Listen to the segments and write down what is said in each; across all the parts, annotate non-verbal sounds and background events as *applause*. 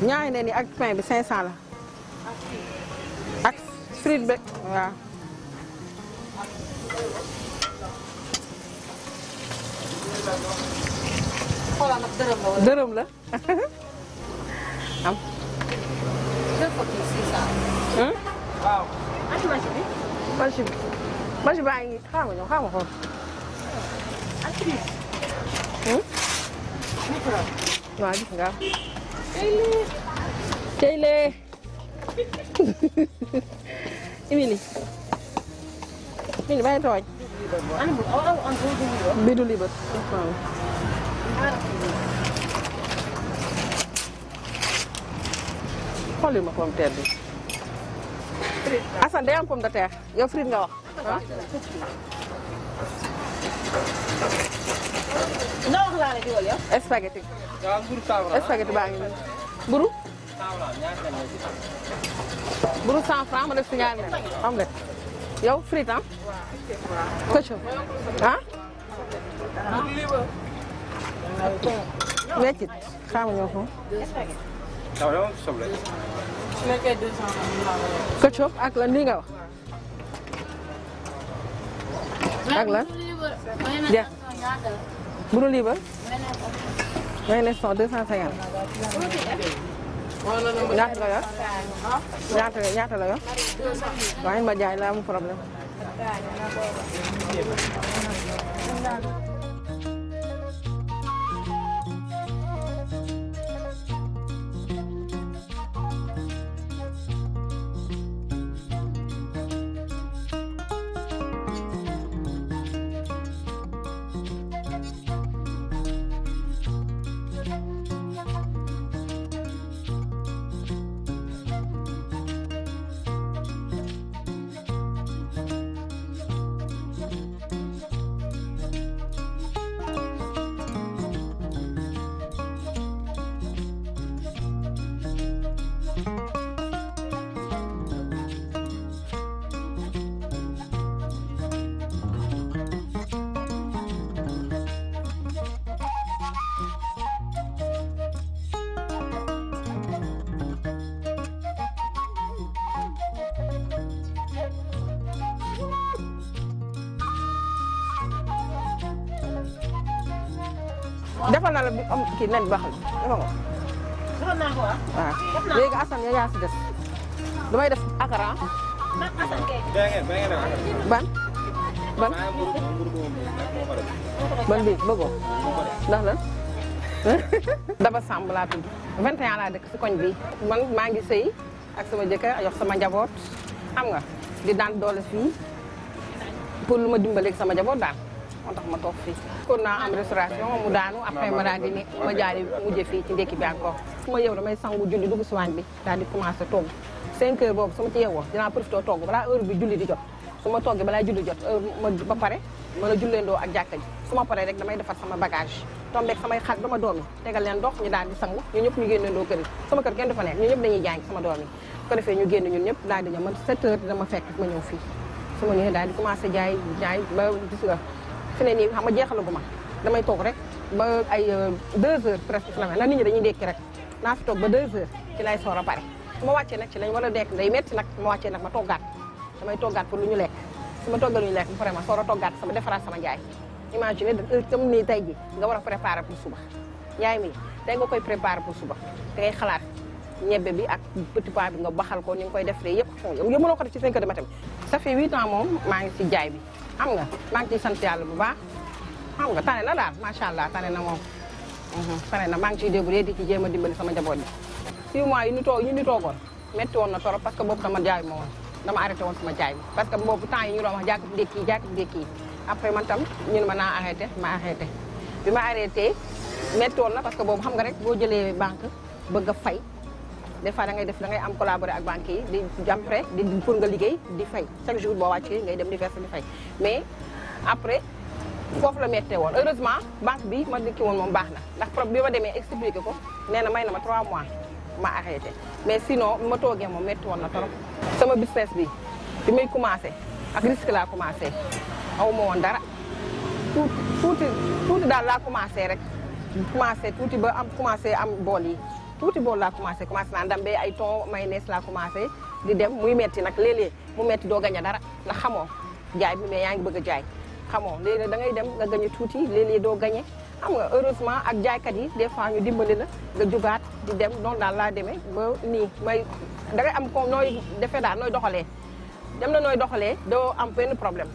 ñaari nen yi ak pain bi 500 la. ak frite la wala dërëm la *laughs* am. Hmm? waaw. ak marché bi. marché bi marché baa ngi ma ñëw xaaral ma xool. ak prix. Hmm? waaw gis nga. Chile. *laughs* Emily. Emily, vai rồi. Bi du libet. Xoolil gì mà de terre bi. Assane day am pomme de terre yow frite nga wax. ndaw e e eh? laa ah? ah, la baa ngi nii. mburu. tawla ñaari ma def si ñaari nen xam nga yow frite ah. coco ah. weccit xaaral ñoo ko. ketchup ak lan lii nga ak lan. jeex. bu dul lii ba. mayonnaise sox 250. ñaata la ñaata ñaata la yor. ma jaay la amu problème. defal na la bi am kii nen baax na defal nga. naa ko waaw. léegi ya yaa si des. damay def akara. man ban. ban. man bii ndax lan. Daba Samb 21 laa dëkk si koñ bi. man maa ngi sëy ak sama jëkkër sama njaboot xam nga di daan doole fii pour lu ma sama njaboot daal. moo tax ma toog fii kon naa am restauration mu daanu après ma daal di ne ma mujje fii ci ndekki bi encore su ma yeew damay sangu julli dugg si waañ bi daal di commencé togg 5 heures boobu su ma ci yeewoo dinaa profité togg balaa heure bi julli di jot su ma toggee balaa a julleendoo ji su ma paree rek damay defar sama bagage tombeeg samay xarit dama doomi tegal leen ñu daal di sangu ñu ñëpp ñu génneendoo kër yi sama kër kenn du fa nekk ñu ñëpp dañuy jàng sama doom yi ñu génn ñun ñëpp daal di ñëw man 7 heures dama fekk ma ñëw fii su ñëwee daal di commencé jaay jaay ba gis fi ne nii xam nga jeexalagu ma damay toog rek ba ay 2 euh, heures presque fi la na nit ñi dañuy dékki rek naa fi toog ba 2 heures ci lay soor a pare su ma wàccee nag ci lañ war a dekk day metti nag ma wàccee nag ma toggaat damay toggaat pour lu ñu lekk su ma toggal lu ñu lekk bu pare a toggaat sama defaraat sama njaay imagine da heure tam tey nga war a préparer pour suba njaay mi tey nga koy préparer pour suba da ngay xalaat ñebbe bi ak petit pois nga baxal ko ni nga koy def rek yëpp yow mënoo ko def ci 5 heures moom maa ngi si jaay bi xam nga maa ngi ciy sant yàlla bu baax xam nga tane na daal macha allah tane na moom mhm, tane na maa ngi ciy débrouillé di ci jéem a dimbali sama njaboot bi six yi ñu toog yi ñu toogoon métti woon na torop parce que boobu dama jaay moom woon dama arrêté woon sama jaay bi parce que boobu temps yi ñu doon wax jàkkub ndékki yi après man tam ñu ne ma naa arrêté ma arrêté bi ma arrêté métti woon na parce que boobu xam nga rek boo jëlee banque bëgg a fay des fois ngay def da ngay am collaborer ak banque yi di jàppale di pour nga liggéey di fay chaque jour boo wàccee ngay dem di verser fay mais après foofu la méttee woon heureusement banque bi ma dikki woon moom baax na ndax problème bi ma demee expliqué ko nee na may na ma 3 mois ma arrêté mais sinon ma toogee moom métti woon na trop. sama business bi bi may commencé ak risque laa commencé aw ma woon dara tuuti daal laa commencé rek commencé tuuti ba am commencé am bool yi. tuuti bool laa commencé commencé naa ndambe ay may mayonnaise laa commencé di dem muy metti nag léeg-léeg mu metti doo gañ a dara ndax xamoo jaay mi mais yaa ngi bëgg a jaay xamoo léeg da ngay dem nga gañ tuuti léeg-léeg doo gañe xam ak jaaykat yi des fois ñu dimbali la nga jugaat di dem noonu daal laa demee ba nii may da am ko nooy defee daal nooy doxalee dem na nooy doxalee doo am benn problème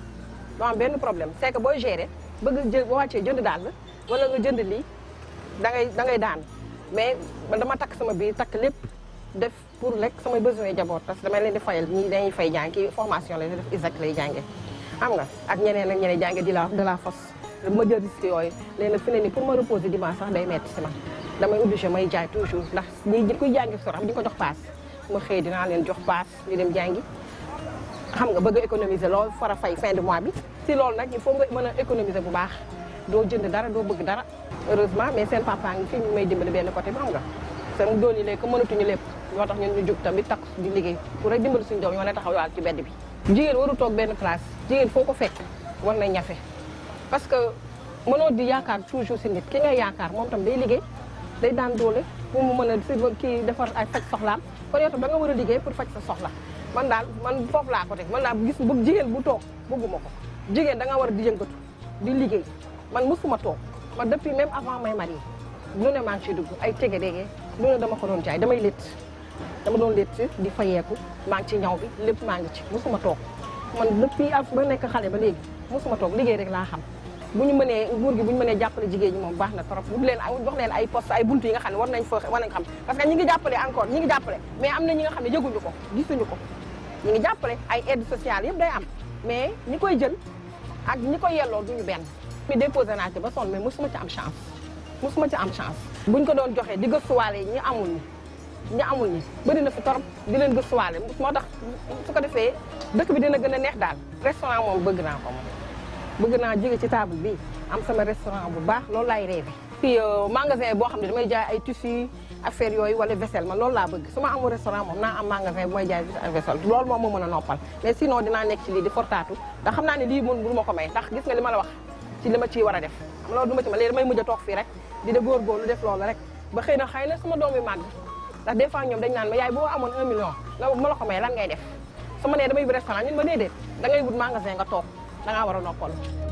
doo am benn problème c'est que booy gérer bëgg jë boo wàccee jënd daal walla nga jënd lii da ngay da daan mais dama takk sama biir takk lépp def pour rek samay besoin jaboot parce que dama leen di fayal ñii dañuy fay jàngi formation lay def ISAC lay ak ñeneen ak ñeneen jànge di la de la fosse ma jël risque yooyu léegi nag fi ne nii pour ma reposer dimanche sax day metti si man damay obligé may jaay toujours ndax ñi kuy jàngi sora di ko jox paas ma xëy dinaa leen jox paas ñu dem jàngi xam nga bëgg économiser lool far a fay fin de mois bi si loolu nag il faut nga mën a économiser bu baax do jënd dara do bëgg dara heureusement mais seen papa ngi fi ñu may dimbali benn côté bi xam nga seen doon yi lay ko mënatuñu lepp ñoo tax ñun ñu jóg tamit takku di liggéey pour rek dimbali suñu doom ñoo mën taxaw yaal ci bedd bi jigéen waru tok benn place jigéen foko fekk war na ñafé parce que mëno di yaakar toujours ci nit ki nga yaakar mom tam day liggéey day daan doole pour mu mëna ci ki kii defar ay faj soxlaam kon yow ba nga wara a liggéey pour faj sa soxla man dal man foofu la ko tek man la gis bu jigéen bu tok bëgguma ko jigéen da nga wara di yëngatu di liggéey man mosuma toog man depuis même avant may marié lu ne maa dugg ay tege dege lu ne dama ko doon jaay damay létt dama doon létt di fayeeku maa ngi ci ñaw bi lépp maa ngi ci mosuma toog man depuis ak ba nekk xale ba léegi mosuma toog liggéey rek xam bu ñu mënee nguur gi bu ñu jàppale jigéen ñi moom baax na trop wut leen jox leen ay poste ne war nañ fa ko gisuñu ngi jàppale ay aide sociale yëpp day am mais ñi koy jël ak ñi koy yelloo duñu benn bi déposé naa ci ba sonn mais mosuma ci am chance mosuma ci am chance buñ ko doon joxee di gëstuwaale yi ñu amul ñi ñu amul ñi bëri na fi torop di leen gëstuwaale moo tax su ko defee dëkk bi dina gën a neex daal restaurant moom bëgg naa ko moom bëgg naa jóge ci table bi am sama restaurant bu baax loolu laay rêvé puis euh, magasin boo xam ne damay jaay ay tissus affaire yooyu wala vaisselle man loolu laa bëgg su ma amul restaurant moom naa am magasin bu may jaay tissus ak moom moo a noppal mais sinon dinaa nekk ci lii di fortaatu ndax xam naa ne lii ko may ndax gis nga li la wax ci li ma ciy war a def xam loolu du ma ci ma léegi damay mujj a toog fii rek di de góorgóorlu def loolu rek ba xëy na xëy na sama doom yi màgg ndax des fois ñoom dañ naan ma yaay boo amoon un million la ma la ko may lan ngay def su ma nee damay bi restaurant ñun ma déedéet da ngay wut magasin nga toog da ngaa war a noppal